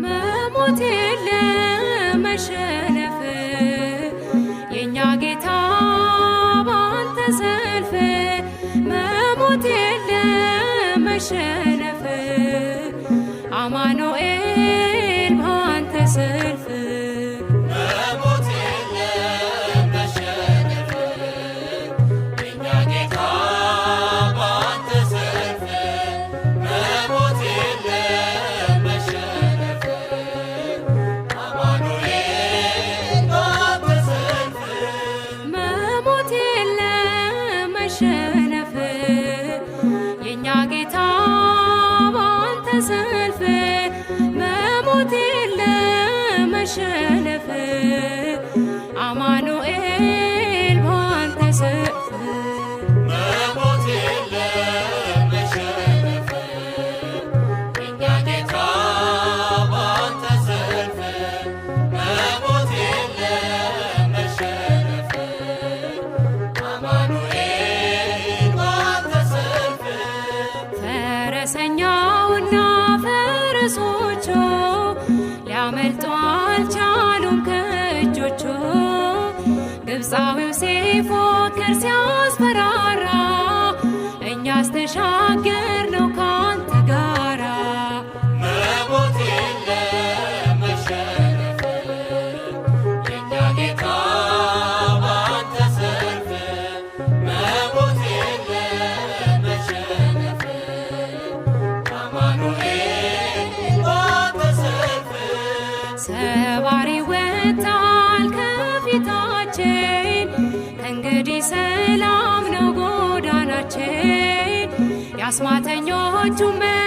መሞት የለ መሸነፍ የእኛ ጌታ ባንተ ሰልፍ መሞት የለ መሸነፍ አማኑኤል ባንተ ሰልፍ አሸነፈ የእኛ ጌታ ባንተ ሰልፍ መሞት መሸነፍ አንበሶቹ ሊያመልጡ አልቻሉም ከእጆቹ። ግብፃዊው ሲፎክር ሲያስፈራራ እኛስ ተሻገ ሰባሪ ወጣል ከፊታችን እንግዲህ ሰላም ነው ጎዳናችን ያስማተኞቹ